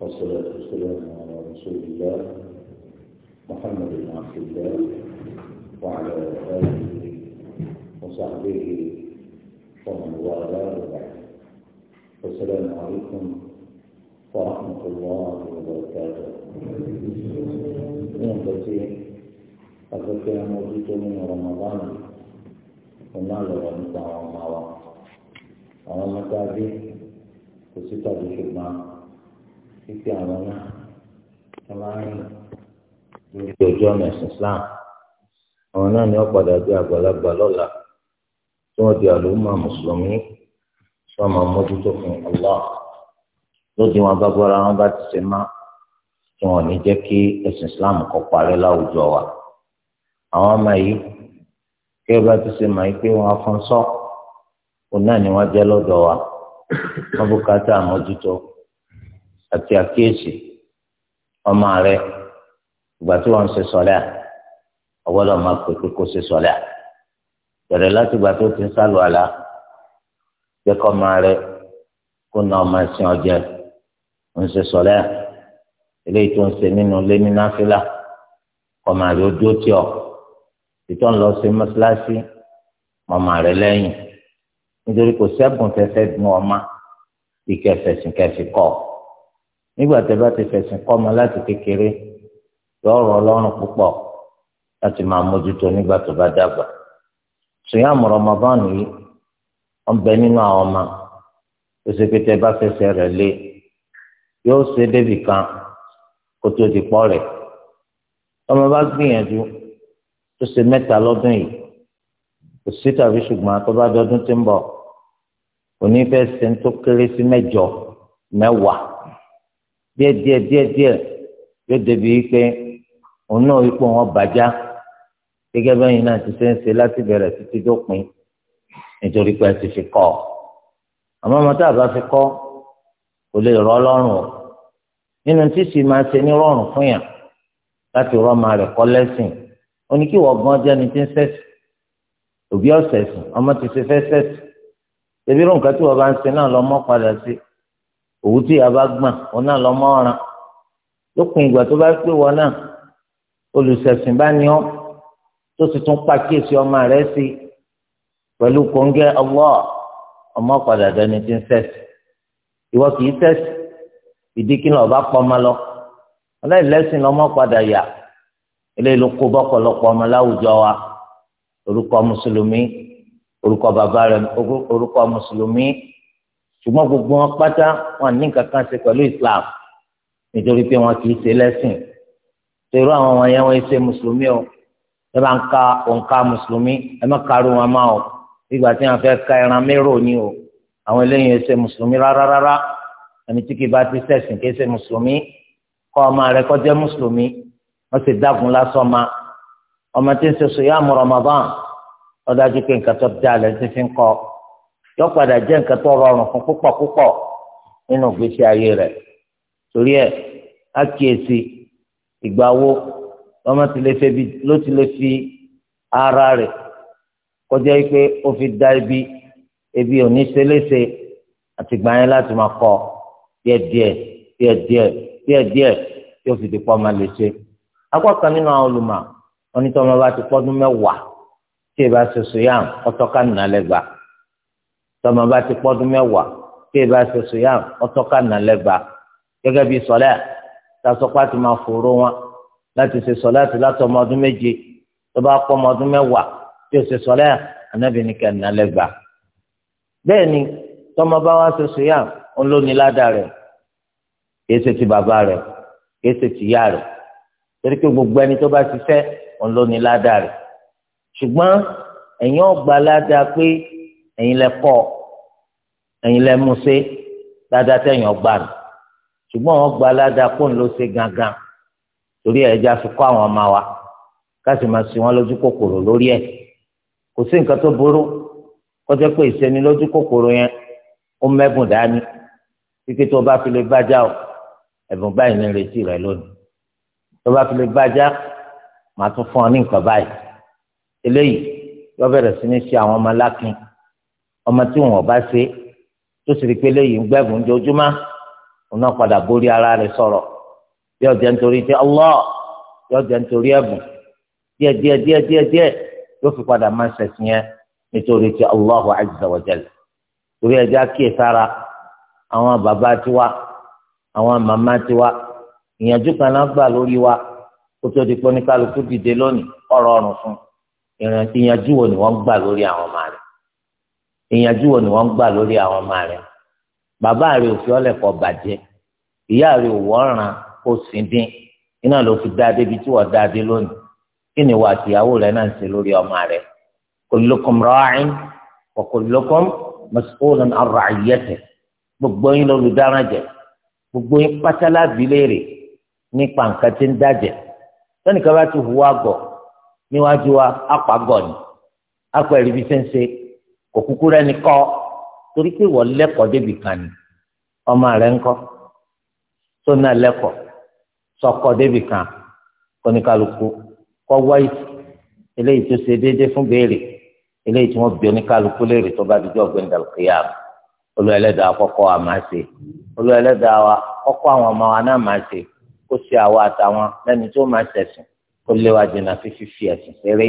والصلاة والسلام على رسول الله محمد بن عبد الله وعلى آله وصحبه ومن والاه بعد السلام عليكم ورحمة الله وبركاته يوم بسيء أفكر موجود من رمضان وما لغة نتعلم مع وقت أنا تابي وستة شبنا títí àwọn náà ẹ máa ń rìn lórí ojú Islam àwọn náà ni wọ́n padà di àgbàlagbà lọ́la tí wọ́n di àlùmọ́ mùsùlùmí tí wọ́n máa mójútó fún Allah lóde wọn bá gbọ́ra wọn bá ti ṣe má tí wọn ní jẹ́ kí ẹ̀sìn Islam kó parẹ́ láwùjọ wa àwọn ọmọ yìí kí ẹ bá ti ṣe mà yìí pé wọn afọ́nsọ́ òun náà ni wọ́n jẹ́ lọ́dọ̀ wa wọ́n bùkátà mójútó àti àkíyèsí ọmọ rẹ ìgbà tí wọn ń ṣe sọlẹ ọgbọ́dọ̀ máa pè pé kó ṣe sọlẹ bẹ̀rẹ̀ láti ìgbà tó ti ń sálọ àlá jẹ kọ ọmọ rẹ kó na ọmọ ẹsìn ọjẹ ń ṣe sọlẹ eléyìí tó ń ṣe nínú ilé ní náfìlà ọmọ rẹ ó dúró tí ọ ìtọ́ ń lọ sí mọ́ṣáláṣí ọmọ rẹ lẹ́yìn nítorí kò sẹ́bùn tẹ́sẹ̀ gbọ́n ọmọ ìkẹfẹ̀sìnkẹfì kọ́ ọ nígbà tẹ́ bá ti fẹ̀sìn kọ́ ọmọ láti kékeré lọ́rọ̀ ọlọ́run púpọ̀ láti máa mójútó nígbà tó bá dàgbà ṣùyàmù Ramadan yìí wọn bẹ nínú àwọn ọmọ òṣèpé tẹ́ bá fẹsẹ̀ rẹ̀ lé yóò ṣe débì kan kó tó di pọ rẹ ọmọ bá gbìyànjú tó ṣe mẹ́ta lọ́dún yìí kò sí tàbí ṣùgbọ́n tó bá dọdún tí ń bọ̀ òní fẹ́ tó kéré sí mẹ́jọ mẹ́wàá díẹ̀ díẹ̀ díẹ̀ díẹ̀ yóò débi pé òun náà ipò wọn bàjá gẹ́gẹ́ bẹ́yìn náà ti ṣe ń ṣe láti bẹ̀rẹ̀ títí dópin nítorí pé ẹ ti fi kọ́ ọ ọmọ tá a bá fi kọ́ kò lè rọ ọlọ́run o nínú tí sì máa ṣe ní rọrùn fún yàn láti rọ ọmọ rẹ̀ kọ́ lẹ́sìn ó ní kí wọ́n gan jẹ́ni tí ń sẹ́sì òbí ọ̀sẹ̀sìn ọmọ ti ṣe fẹ́ sẹ́sì ṣèbí irú nǹkan tí wọ́n bá ń ṣe náà lọ́mọ padà sí i òwú tí yàrá gbọ̀n wọn náà lọ mọ́ràn lópin ìgbà tó bá pé wọn náà olùsẹ̀sìn bá ní ọ tó sì tún pàkíyèsí ọmọ rẹ sí pẹ̀lú kòńgẹ́ ọwọ́ ọmọ padà dání ti ń sẹ̀sì ìwọ kì í sẹ̀sì ìdí kí lọ́ọ́ bá pọ́ ọmọ lọ ọlẹ́lẹ́sìn lọ́mọ padà yà eléyìí ló kó bọ́pọ̀lọpọ̀ ọmọ láwùjọ wa orúkọ mùsùlùmí orúkọ bàbá rẹ orúkọ mùsùlùmí ṣùgbọ́n gbogbo wọn pátá wọn ní nǹkan kan ṣe pẹ̀lú islam nítorí pé wọn kì í ṣe lẹ́sìn tẹ̀rọ àwọn wọn yẹn wọ́n ṣe mùsùlùmí o ẹ bá ń ka òǹkà mùsùlùmí ẹ má karùn wọn máa o ìgbà tí wọn fẹ́ ka ẹran mérò ni o àwọn eléyìí ṣe mùsùlùmí rárárárá ẹni tí kì bá ti ṣẹ̀sìn kì í ṣe mùsùlùmí kọ́ ọmọ rẹ kọ́ jẹ́ mùsùlùmí wọ́n sì dágun lásán ma ọmọ tí ń ṣe sòyà mùrọ̀mọ́bán ọ̀dájú pé nǹkan tó ọ yọ padà jẹ́ nǹkan tó rọrùn fún púpọ̀ púpọ̀ nínú ìgbésí ayé rẹ̀ torí ẹ̀ á kíyèsí ìgbà wo lọ́mọ ló ti lè fi ara rẹ̀ kọjá pé ó fi da ibi ebi òní ṣeléṣe àtìgbà yẹn láti máa kọ díẹ̀díẹ̀ díẹ̀díẹ̀ díẹ̀díẹ̀ tí ó fi di pọ́ máa lè ṣe akọ́ kan nínú àwọn olùmọ̀ onítọ́mọba ti pọ́dún mẹ́wàá tí ìbá ṣoṣo yá ọtọ́ ká tọmọ bá ti pọ́dún mẹ́wàá pé bá ṣe sòyàm ọtọ́ka nà lẹ́gba gẹ́gẹ́ bí sọ́lá tasọ́pá ti máa fòró wọn láti ṣe sọ́lá ti látọ̀ ọmọ ọdún méje tó bá pọ́ ọmọ ọdún mẹ́wàá tí ó ṣe sọ́lá anábìíní kẹ́ nà lẹ́gba. bẹ́ẹ̀ ni tọmọ bá wá ṣe sòyàm ń ló ní ládàá rẹ̀ kìí ṣe ti bàbá rẹ̀ kìí ṣe ti yá rẹ̀ torí pé gbogbo ẹni tó bá ti fẹ́ ń ẹ̀yin lẹ kọ́ ẹ̀yin lẹ mú ṣe dáadáa tẹ̀yìn ọgbà nù ṣùgbọ́n wọn gba aládàá kó ń lọ ṣe gangan torí ẹja fi kọ́ àwọn ọmọ wa káṣí máa ṣe wọn lójú kòkòrò lórí ẹ̀ kò sí nǹkan tó burú kọjá pé ìṣẹ́ni lójú kòkòrò yẹn ó mẹ́bùn dání títí tó bá fi lè bájá o ẹ̀bùn báyìí ní retí rẹ lónìí tó bá fi lè bájá màá tún fún ọ ní nǹkan báyìí eléyìí yọ bẹ̀rẹ̀ sí ní ṣe àwọn ọmọ lákin ọmọ tí wọn bá ṣe tó sì rí pé léyìí ń gbẹ́bùn ojoojúmọ́ òun náà padà borí ara rẹ̀ sọ̀rọ̀ bí ọ̀jẹ̀ nítorí tí Allah bí ọ̀jẹ̀ nítorí ẹ̀bùn díẹ̀ díẹ̀ díẹ̀ díẹ̀ díẹ̀ yóò fi padà máa ṣẹ̀sìn yẹn nítorí tí Allahu azza wa jalla torí ẹja kíyè sára àwọn bàbá tiwa àwọn màmá tiwa ìyànjú kan náà gbà lórí wa kó tó di pé oníkálukú dìde lónìí ọ̀rọ̀ ọ̀rùn fún ìyànjú wo ni wọ́n gbà lórí àwọn ọmọ rẹ̀ ìyànjú wo ni wọ́n gbà lórí àwọn ọmọ rẹ̀ bàbá rẹ̀ òfin ọ̀lẹ́kọ̀ bàjẹ́ ìyá rẹ̀ òwò ọràn kò sí dín iná ló fi dáadé bí tí wọ́n dáadé lónìí kí ni wà náà ń ṣe lórí ọmọ gbogbo yín lọ́lùdáràn jẹ gbogbo yín pátálá bìlérè tí ń dájẹ bá ti hùwà gọ̀ níwájú wa apàgọ́ ni apẹ̀rẹ̀ ibi òkúkú rẹ ni kọ́ torí pé wọ́n lẹ́kọ̀ọ́ débi kan ni ọmọ rẹ ń kọ́ tó náà lẹ́kọ̀ọ́ sọkọ débi kan kọ́níkàlùkù kọ́ wáyé eléyìí tó ṣe déédéé fún béèrè eléyìí tí wọ́n bí oníkàlùkù léèrè tó bá kọ́kọ́ wa máa ṣe wa kọ́kọ́ àwọn ọmọ wa náà máa ṣe kó ṣe àwa àtàwọn tó máa ṣẹ̀sìn kó léwájú náà ẹ̀sìn ṣeré